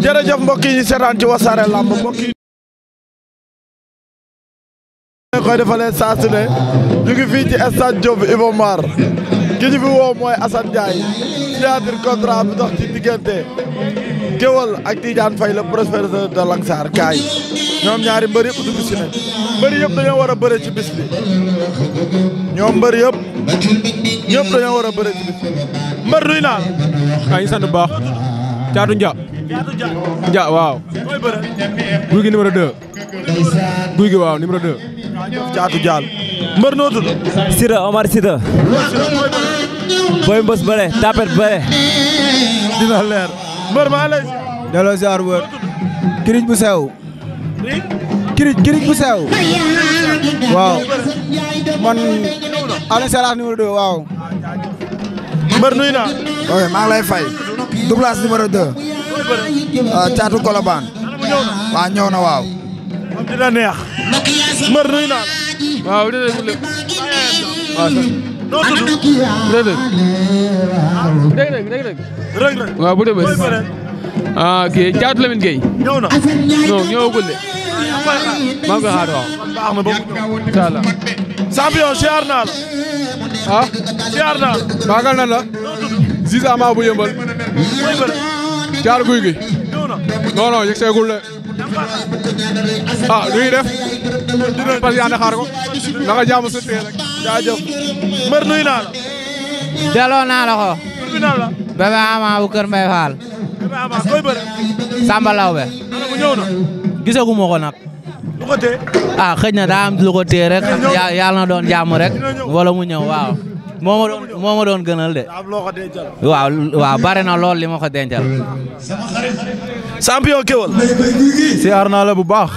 jërëjëf mbokk yi ñu seetaan ci wasaare làmb mbokk yi koy defalee saa su ne ñu ngi fii ki ñu fi woo mooy Assane Ndiaye signature contrat ak Tidiane fay la prospecteur de Langsar kaay ñoom ñaari mbër yëpp dugg yëpp dañoo war a bëre ci bis bi ñoom mbër yëpp ñëpp dañoo war a bëre ci bis bi nuy naa la. sant bu baax. Caatu Nja. Caatu Nja. waaw. guy gi numéro 2. guy gi waaw numéro 2. Caatu Nja. mbër noo tudd. Omar Sida. booy mbës bële tapet bële. dina leer. mbër maa lay. delloo wër. kirij bu sew. kirij kirij bu sew. waaw. man Alioune Salah numéro 2 waaw. mbër nuyu naa. ok maa ngi lay Douglas numéro 2. caatu euh, Colobane. waaw ñëw na waaw. dina neex. mbër nuyu naa la. waaw déedéet bu lépp. noo tudd. dégg ah, na non maa ngi koy xaar waaw. baax na naa la. ah. siyaar naa la. baagal na la. Ziza maa bu muy caar guy gi. ñëw na non non yegg seegul ah, def. dinañ parce que yaa ne ko. jaamu sa tee rek. jaajëf. mbër nuyu naa la. delloo naa la ko. tur ama bu kër Mbaye Samba Lawbe. ana bu ñëw na. gisagu ma ko nag. Ah, na daa am rek. yàlla na doon jaamu rek. wala mu ñëw waaw. moo ma doon moo ma doon gënal de. waaw waaw bare na lool li ma ko dencal. champion Kewel. ziar naa la bu baax.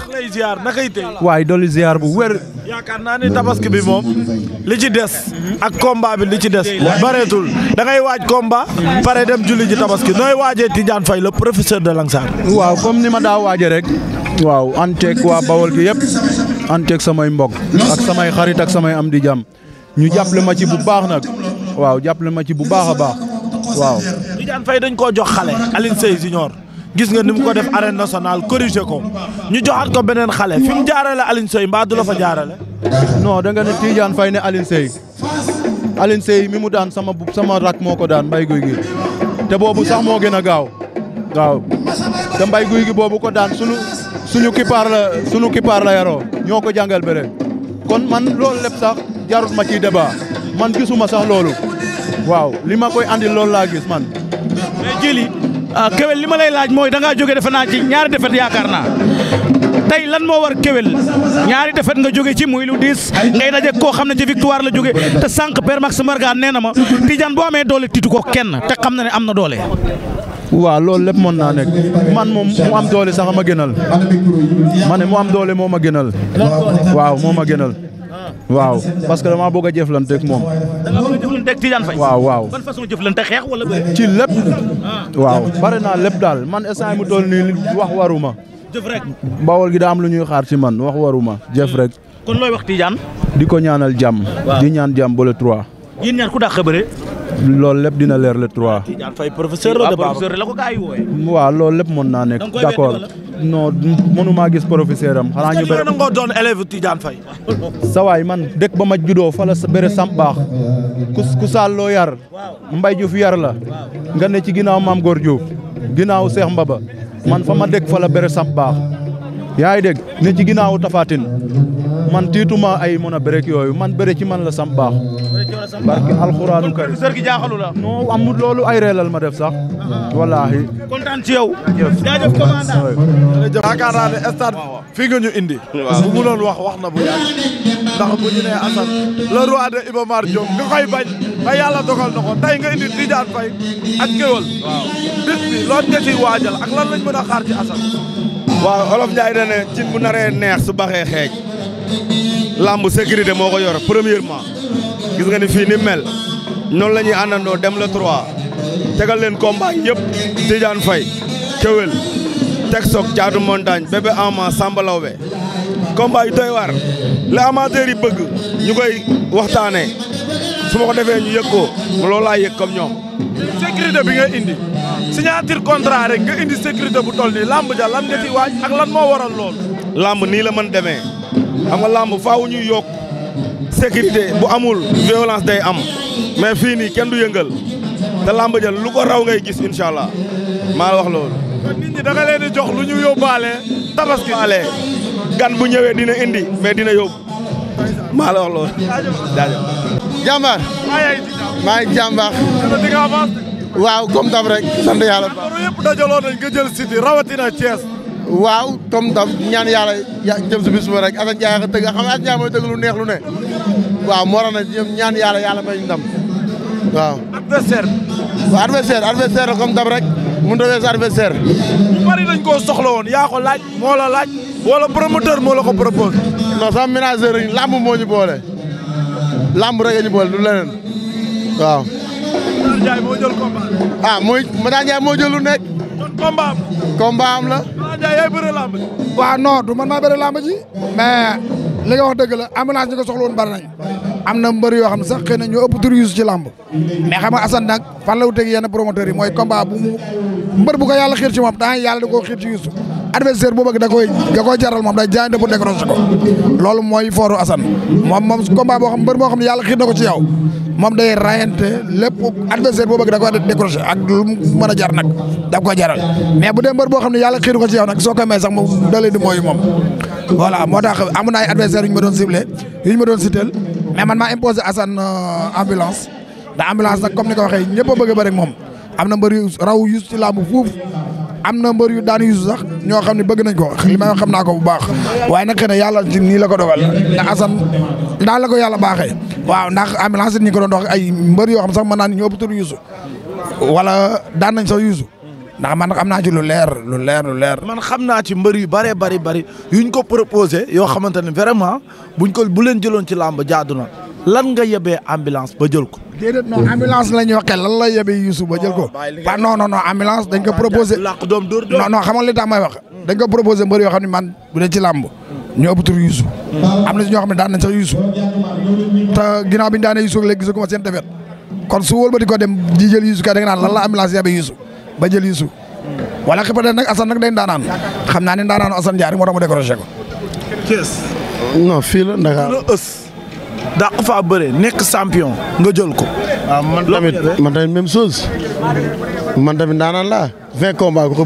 waaye dolli ziar bu wér. yaakaar naa ni tabaski bi moom li ci des. ak combat bi li ci des. bareetul da waaj komba pare dem julli ji tabaski nooy waajee Tidiane fay le professeur de Langsar. waaw comme ni ma daa waajee rek. waaw anteeg waa Bawol gi yëpp. anteeg samay mbok ak samay xarit ak samay am di jàmm. ñu jàppale ma ci baax nag waaw jàppale ma ci bu baax a baax waaw. Tidiane Faye dañ koo jox xale Alioune Seye gis nga ni mu ko def arène nationale corrigé ko ñu joxaat ko beneen xale fi mu jaarale Alioune Seye mbaa du la fa jaarale. noo danga nga ne Tidiane Faye ne Alioune Seye Alioune mi mu daan sama sama rak moo ko daan mbay guy gi te boobu sax moo gën a gaaw waaw te mbay guy gi boobu ko daan sunu suñu kippaar la suñu kippaar la yaroo ñoo ko jàngal bëre kon man loolu lépp sax. jarut ma ciy debaa man gisuma sax loolu waaw li ma koy andil loolu laa gis man. mais jëli ah, Kewel li ma lay laaj mooy da ngaa jóge defe naa ci ñaari defet yaakaar naa tey lan moo war Kewel ñaari defet nga jóge ci muy lu diis ngay daje koo xam ne ci victoire la jóge te sànq Père Max Mbargane nee na ma Tidiane boo amee doole tiitu ko kenn te xam na ne am na doole. waaw loolu lépp mën naa nekk man moom mu am doole sax ma gënal ma ne mu am doole moo ma gënal moo ma gënal. waaw parce que dama bëgg a jëflanteeg moom. da nga bëgg waaw waaw ban façon jëflante xeex lépp. Ah. waaw pare naa lépp daal man instant mu toll nii wax waruma. jëf rek. Bawol gi daa am lu ñuy xaar ci man wax waruma jëf hmm. rek. kon looy wax Tidiane. di ko ñaanal jàmm. di ñaan jàmm ba le trois. ñaar ku dàq bëre. loolu lépp dina leer le 3. Ah, professeur la ko gars yi wooyee. waaw loolu lépp mën naa nekk d' accord non mënumaa gis professeur am. xanaa ñu bëri nangoo doon élève Tidiane Faye. sa waay man dëkk ba ma juddoo fala la bëre samp baax ku ku yar Mbaye Diouf yar la nga ne ci ginnaaw maam Góor Diouf ginnaaw Seex Mbaba man fa ma dëkk fa la bëre samp baax. yaa ngi dégg ci ginnaawu Tafatine man tiituma ay mën a bëreeg yooyu man bëre ci man la sam baax. barki alxuraanu karim sër gi ay reelal ma def sax. wallaahi. kontaan ci yow. jaajëf commandant. yaakaar fii nga ñu indi. bu mu wax wax na bu yàgg. ndax bu ñu nee Assane. le roi de Iba Mar nga koy bañ. ba yàlla dogal na ko nga indi Tidiane Faye ak Guéweul. waaw bis bi waajal ak lan lañ mën a ci Assane. waaw olof Ndiaye da ne cin bu naree neex su baxee xeej lamb sécurité moo ko yor premièrement gis nga ni fii ni mel noonu la ñuy àndandoo dem la 3 tegal leen combat yëpp Tidiane Faye Kewel Texoc Caatu Montagne Bébé Ama Samba Lawbe combat yu doy war la amateur yi bëgg ñu koy waxtaanee su ma ko defee ñu yëg ko loolu laa yëg comme ñoom sécurité bi nga indi signature contrat rek nga indi bu toll nii làmb ja lan nga ci waaj ak lan moo waral lool. làmb nii la man demee xam nga làmb faaw ñuy yokk sécurité bu amul violence day am mais fii nii kenn du yëngal te làmb ja lu ko raw ngay gis incha allah maa la wax loolu. kon nit ñi da bu ñëwee dina indi mais dina yóbbu maa la wax waaw comme daf rek sant yàlla bu baax. yëpp dajaloo nañ nga jël Siteu rawatina Thiès. waaw comme daf ñaan yàlla ya jëm si bis ba rek Assane Ndiaye dëgg xam Assane Ndiaye mooy dëgg lu neex lu ne. waaw moo tax nag ñoom ñaan yàlla yàlla may ñu ndam waaw. adversaire. waaw adversaire adversaire la comme daf rek mënut a weesu adversaire. bari nañ koo soxla woon yaa ko laaj moo la laaj. wala promoteur moo la ko proposé. non sama ménageur yi làmb moo ñu boole. làmb rek a ñu boole du leneen waaw. ah mooy Mada Ndiaye moo jël lu nekk. combat am. combat am la. Mada Ndiaye yaay bëre lamb ji. du man maa bëre lamb ji. mais li nga wax dëgg la ambulance ñi ko soxla woon bari nañ am na mbër yoo xam ne sax xëy na ñoo ëpp tur yuus ci lamb mais xam nga Assane nag fan la wuteeg yenn promoteurs yi mooy combat bu mu mbër bu ko yàlla xiir ci moom daan yàlla da koo xiir ci yuus adversaire boobu da koy da koy jaral moom day jaay pour décrocher ko loolu mooy fooru Assane moom moom combat boo xam mbër moo xam ne yàlla xiir na ci yow moom day rayante lépp adversaire boo bëgg da ko décroché ak lu a jar nag da jaral mais bu dee mbar boo xam ne yàlla xiiru ko ci yow nag soo ko mee sax moom dalee di mooyu moom voilà moo tax amoon na ay adversaire yu ñu ma doon ciblé yu ñu ma doon sitel mais man maa imposé Assane euh, ambulance da ambulance nag comme ni ko waxee ñëpp a bëgg a bëri moom am na mbar yu raw yu ci làmb fuuf am na mbër yu daan yu sax ñoo xam ne bëgg nañ ko li may xam naa ko bu baax waaye nag na yàlla ci nii la ko dogal ndax daal la ko yàlla baaxee waaw ndax ambulance ñi ko doon wax ay mbër yoo xam sax mën naa ñu ëpp tur yuusu wala daan nañ sax yuusu ndax man am naa ci lu leer lu leer lu leer. man xam naa ci mbër yu bëree bëri bëri yuñ ko proposé yoo xamante ne vraiment buñ ko bu leen jëloon ci làmb jaadu na lan nga yebee ambulance ba jël ko. déedéet non ambulance la ñuy waxee lan la yebee Youssou ba jël ko. waaw non non non ambulance dañ ko proposé. làq doom dóor xam nga li tax may wax. dañ ko proposé mbër yoo xam ne man bu dee ci làmb. ñoo ëpp tur am na ñoo xam ne daan nañ sax Youssou te ginnaaw bi ñu daanee Youssou léegi gisaguma seen defet kon su wëlbati ko dem di jël Youssou kay da nga naan lan la ambulance yabe Youssou ba jël Youssou wala xipade nag Assane nag day xam naa ne ndaanaanu Assane Ndiaye moo tax ko Thiès non fii la Dakar la ës dàq faa bëre nekk champion nga jël ko waaw ah, man tamit man tamit même la vingt combats ko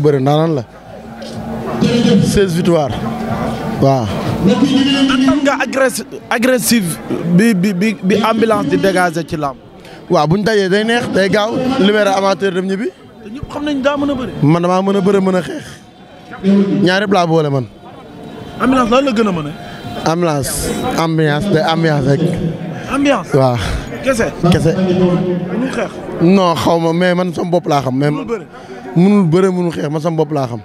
waaw. en tant bi bi bi bi ambulance ci làmb. waaw bu ñu dajee day neex day gaaw libéré amateur dem ñibbi. te ñëpp xam nañ daa mën a bëre. man mën a bëre mën a xeex. ñaar yëpp laa boole man. ambulance lan la gën a mën a. ambulance ambiance day ambiance rek. ambiance kese kese. mënul xeex. xaw ma mais man sama bopp laa xam. mais mënul bëre mënul xeex man sama bopp laa xam.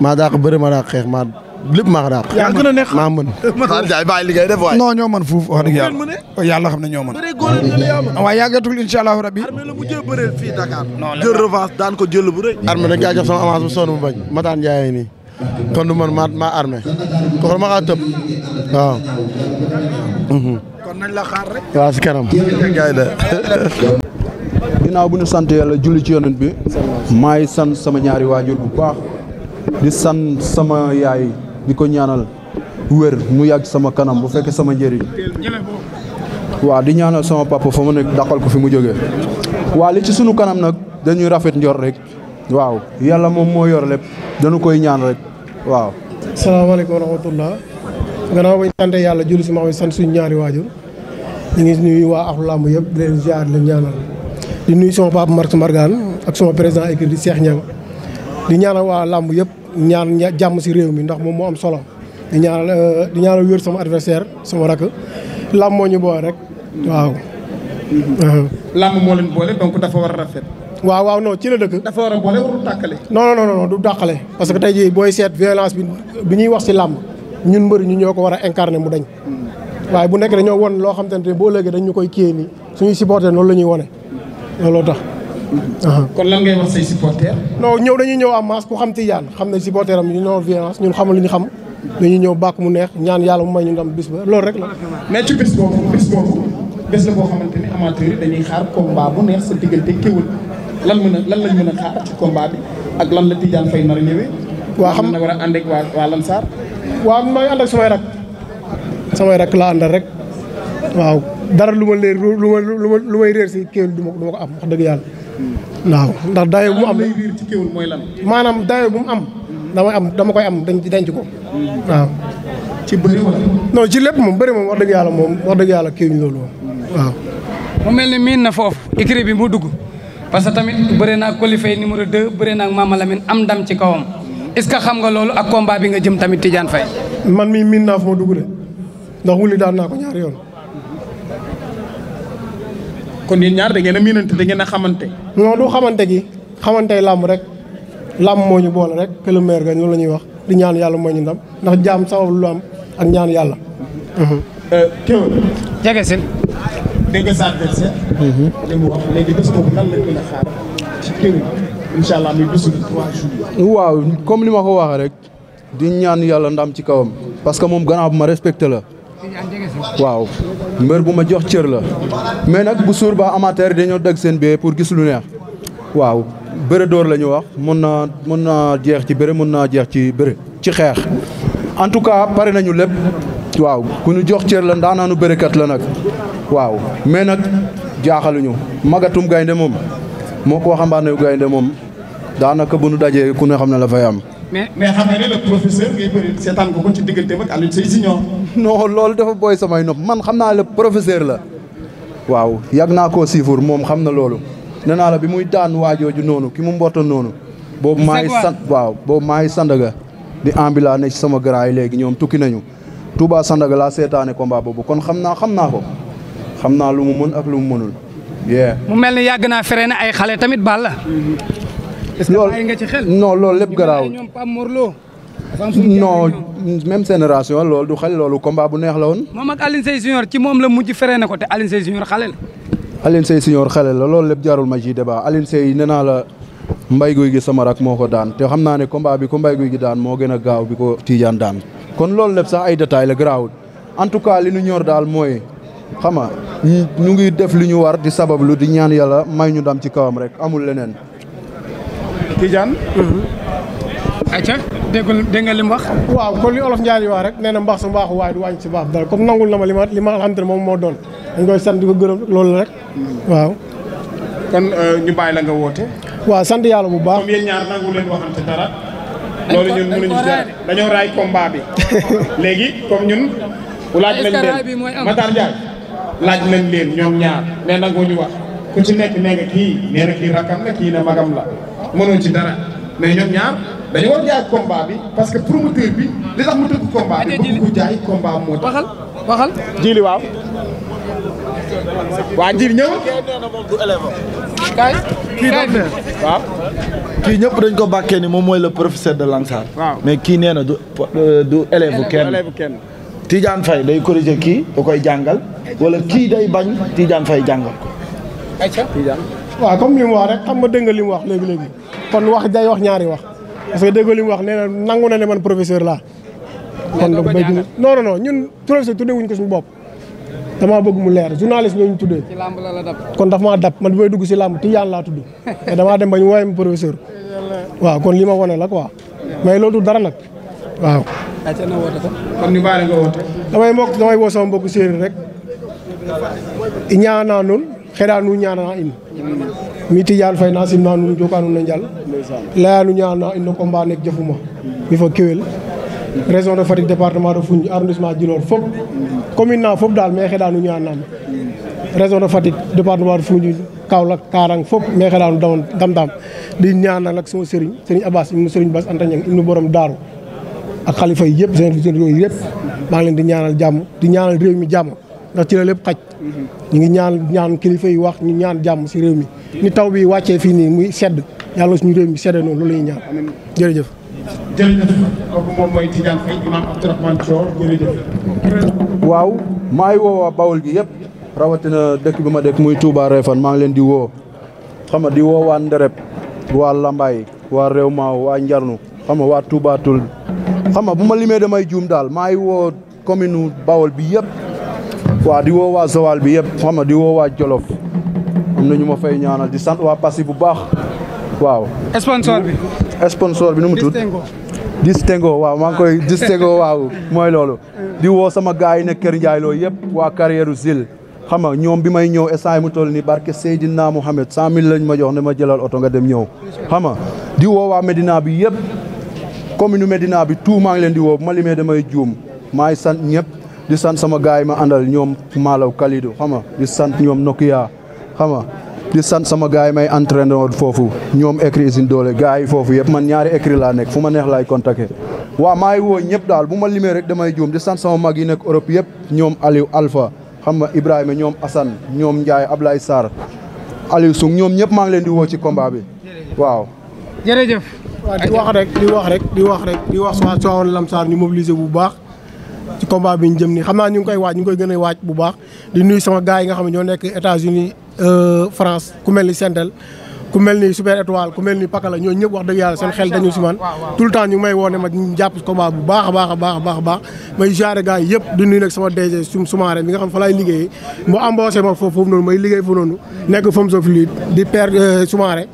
maa dàq bëre maa dàq xeex lépp maa ko dàq. yaa a nekk maa mën. Matar Ndiaye fuuf wax dëgg yàlla yàlla xam ne ñoo mën. waaye yàggatul incha allahu rabi. armé la bu ko jël bu rëy. armé dañ kaa jox sama avance bu sonn mu bañ Matar Ndiaye nii kon du man maa maa armé kooku ma kaa tëb waaw. Mhm. kon nañ la xaar rek. waaw si kanam. ginnaaw bu ñu sant yàlla julli ci yonent bi. maay san sama ñaari waajur bu baax. di sant sama yaay. di ko ñaanal wér mu yàgg sama kanam bu fekkee sama njëriñ waaw di ñaanal sama papa fa mu nekk daqal ko fi mu jóge waaw li ci sunu kanam nag dañuy rafet njor rek waaw yàlla moom moo yor lépp dañu koy ñaan rek waaw salaamaaleykum wa rahmatullah gannaaw bañ sante yàlla julli si ma xam sant suñu ñaari waajur ñu ngi nuyu waa axlu làmb yëpp di leen ziar ñaanal di nuyu sama papa Marc Margane ak sama président di Cheikh Niang di ñaana waa làmb yëpp ñaan jàmm si réew mi ndax mu moo am solo di ñaanal euh, di ñaanal wér sama adversaire sama rakk làmb moo ñu boole rek waaw. Mhm. Euh. làmb moo leen boole donc dafa war a rafet. waaw waaw non ci la dëkk. dafa war a boole warul tàkkale. non non non du tàkkale parce que tey jii booy seet violence bi bi ñuy wax si làmb ñun mbëri ñu ñoo ko war a incarner mu dañ. Mhm. waaye bu nekk dañoo won loo xam te ne boo léegi dañ ñu koy kii su suñuy supporter noonu la ñuy wone looloo tax. kon lan ngay wax say supporters. non ñëw dañuy ñëw en masse ku xam Tidiane xam ne supporters am ñu non violence ñun xamul li ñu xam dañuy ñëw bàkk mu neex ñaan yàlla mu may ñu ndam bis ba loolu rek la. mais ci bis boobu yi dañuy xaar combat bu neex sa diggante Keweul lan lan lañ mën a xaar ci combat bi ak lan la Tidiane Faye nar a ñëwee. waa xam na war a ànd ak waa waa Lansar. waaw may ànd ak samay rak samay rak laa àndal rek waaw dara lu ma leer lu ma lu may réer si Keweul du ma ko am wax dëgg yàlla waaw ndax dayo bu mu am maanaam dayo bu mu am damay am dama koy am dañ denc ko waaw ci bëri wala ci lépp moom bëri moom war dëgg yàlla moom wax dëgg yàlla kii ñu loolu waaw mu mel ni miin na foofu écrit bi mu dugg parce que tamit bëri naa qualifié numéro 2 bëri naa Mama Lamine am ndam ci kawam est ce que xam nga loolu ak combat bi nga jëm tamit Tidiane Faye man mii miin naa fu ma dugg de ndax wuli daan naa ko ñaari yoon kon yéen ñaar da ngeen a miinante da ngeen a xamante. non du xamante gi xamante làmb rek làmb moo ñu boole rek que le maire la ñuy wax di ñaan yàlla moo ñu ndam ndax jaam sabab lu ak ñaan yàlla. Euh, Théodore. jege si. dégg mhm. li wax a xaar ko waxee rek di ñaan yàlla ndam ci kawam parce que moom gannaaw bu ma respecté la. waaw mbër bu ma jox cër la mais nag bu suur ba amateur dañoo dagg seen bee pour gis lu waaw bëre door la ñu wax mun naa mun naa jeex ci bëre mun naa jeex ci bëre ci xeex en tout cas pare nañu lépp waaw ku ñu jox cër la ndaanaanu bërekat la nag waaw mais nag jaaxaluñu magatum gaynde moom moo ko waxambaane gaynde moom daanaka bu nu dajee ku ne xam ne la fay mais mais xam nga ne le professeur ngay bëri seetaan ko ko ci diggante ak Alioune Seye Junior. non loolu dafa booy samay nopp man xam naa le professeur la. waaw yàgg naa koo siifur moom xam na loolu. nee naa la bi muy daan waajooju noonu ki mu mbootoon noonu. boobu maa ngi sant waaw boobu maa ngi sandaga di ambila ne ci sama garaay léegi ñoom tukki nañu. Touba sandaga laa seetaane ko combat boobu kon xam naa xam naa ko. xam naa lu mu mën ak lu mu mel ni yàgg naa fere ay xale tamit baal la. loolu non loolu lépp garaaw non même génération loolu du xel loolu combat bu neex la woon. moom ak Alioune Seye ci moom la mujj feree na ko te Alioune Seye Junior xale la. Alioune Seye Junior xale la loolu lépp jaarul ma ci débat Alioune Seye nee naa la mbay guy gi sama rak moo ko daan te xam naa ne combat bi ko mbay guy gi daan moo gën a gaaw bi ko Tidiane daan. kon loolu lépp sax ay détails la garaawul en tout cas li ñu ñor daal mooy xam nga ngi def li ñu war di sabablu di ñaan yàlla may ñu dam ci kawam rek amul leneen. Tidiane. Mm-hmm. ayca déggul dégg nga li mu wax. waaw kon li olof Ndiaye wax rek nee na mbaax su mbaaxu waaye du wàññi si baax dara comme nangul na ma li ma li ma xam te moo doon dañ koy sant di ko gërëm loolu rek mm-hmm. waaw. kon euh, ñu bàyyi la nga woote. waaw sant yàlla bu baax. comme yéen ñaar nangu leen waxante dara. loolu ñun si dañoo raay combat bi léegi comme ñun. laaj nañ leen Matar Ndiaye laaj nañ leen ñoom ñaar mais nangoo ñu wax. ku ci nekk nee kii nee na kii rakam la kii na magam ci dara mais ñoom bi parce que promoteur mu tëgg combat bi ñëpp dañ ko bàkkee ni moom mooy le professeur de Lansar. waaw kii nee na du du élève kenn. Tidiane Faye day corriger kii da koy jàngal wala kii day bañ Tidiane Faye jàngal ko. ayca waaw comme li mu wax rek xam nga dégg nga li mu wax léegi léegi kon wax jay wax ñaari wax parce que dégg li mu wax nee na nangu na ne man professeur laa. kon nag béy non non non ñun professeur tuddee wuñ ko suñu bopp. damaa bëgg mu leer journaliste lañu tuddee. ci làmb la la dab. kon daf maa dab man bi may dugg si làmb Tijaan laa tudd damaa dem ba ñu woowee ma professeur. waaw kon li ma wane la quoi. mais loolu dara nag waaw. ayca na woote ko. kon damay mbokk damay woo sama mbokku séeréer rek ñaanaa heɗanu ñanana in mi tidiane faye na simna nuun joka nuun a njal leyanu in no combat nek jafuma mi fo kewel région de Fatick département de Foundiougne arrondissement Djilor fop commune na fop daal mais xeɗanu ñanam région de Fatick département de Foundiougne Kaolack Karang fop mais xeɗanu dawan damdam di ñaanal ak sama sëriñ sëriñ Abbas ibnu sëriñ Bass Anta Niang ibnu borom daaru ak xalifa yi yëpp seen yooyu yëpp maa ngi leen di ñaanal jàmm di ñaanal réew ndax ci la lépp xaj mhm. ñu ngi ñaan ñaan kilifa yi wax ñu ñaan jàmm si réew mi ni taw bi wàccee fii nii muy sedd yàlla suñu réew mi sedde noonu loolu la ñuy ñaan jërëjëf jërëjëf waaw maa ngi woo waa Bawol gi yëpp rawatina dëkk bi ma dëkk muy Touba Refane maa ngi leen di woo xam nga di woo waa Ndereb waa Lambaye waa Réew Maaw waa Njarnu xam waa tuubaatul Toul xam nga bu ma limee damay juum daal maa ngi woo commune Bawol bi yépp waaw di woo waa bi yëpp xam nga di woo waa Jolof am na ñu ma fay ñaanal di sant waa Passy bu baax waaw. sponsor bi. sponsor bi nu mu tudd. distingo waaw maa ngi koy distingo waaw mooy loolu. di woo sama gars yi ne Kër Ndiaye loolu yëpp waa carrière zil xam nga ñoom bi may ñëw instant mu toll nii barke Seydina Mohamed cent mille lañ ma jox ne ma jëlal oto nga dem ñëw. xam nga di woo waa Medina bi yëpp commune Medina bi tout maa ngi leen di woo malimee ma limee damay juum maay sant ñëpp. di sant sama gaay ma àndal ñoom Malaw Kalidou xam nga di sant ñoom Nokia xam nga di sant sama gaay yi may entraîneur foofu ñoom écrit usine doole gaay yi foofu yëpp man ñaari écrit laa nekk fu ma neex laay contacter. waaw maa ngi woo ñëpp daal bu ma limee rek damay juum di sant sama mag yi nekk Europe yëpp ñoom Aliou Alpha xam nga Ibrahima ñoom Assane ñoom Ndiaye Ablaye Sarr Aliou Sow ñoom ñëpp maa leen di woo ci combat bi waaw. jërëjëf. waaw di wax rek di wax rek di wax rek di wax waa bu baax. ci combat bi ñu jëm nii xam naa ñu ngi koy waaj ñu ngi koy gën a waaj bu baax di nuyu sama gars nga xam ne ñoo nekk États-Unis euh, France ku mel ni Sentel ku mel ni Super Étoile ku mel ni Pakala ñoo ñëpp wax dëgg yàlla seen xel dañu si man tout le temps ñu ngi may woone ma ñu jàpp bu baax a baax a baax a baax may jaare gars yi yëpp di nuyu nag sama DG sum sumaare bi nga xam fa laay liggéeyee mu embauché ma foofu noonu may liggéey foofu noonu nekk femme sa fluide di père euh, sumaare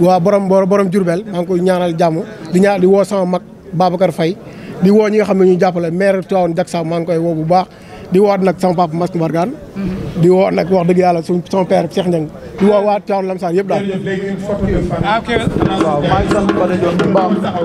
waaw borom borom Jurbel maa ngi koy ñaanal jàmm di ñaan di woo sama mag Babacar Faye di woo ñi nga xam ne ñu jàppale maire Tivaouane Diacksao maa ngi koy woo bu baax di woo nag sama papa Mas Mbargane mhm. di woo nag wax dëgg yàlla suñ son père Cheikh Ndiang di woo waa Tivaouane Lamsar yëpp daal.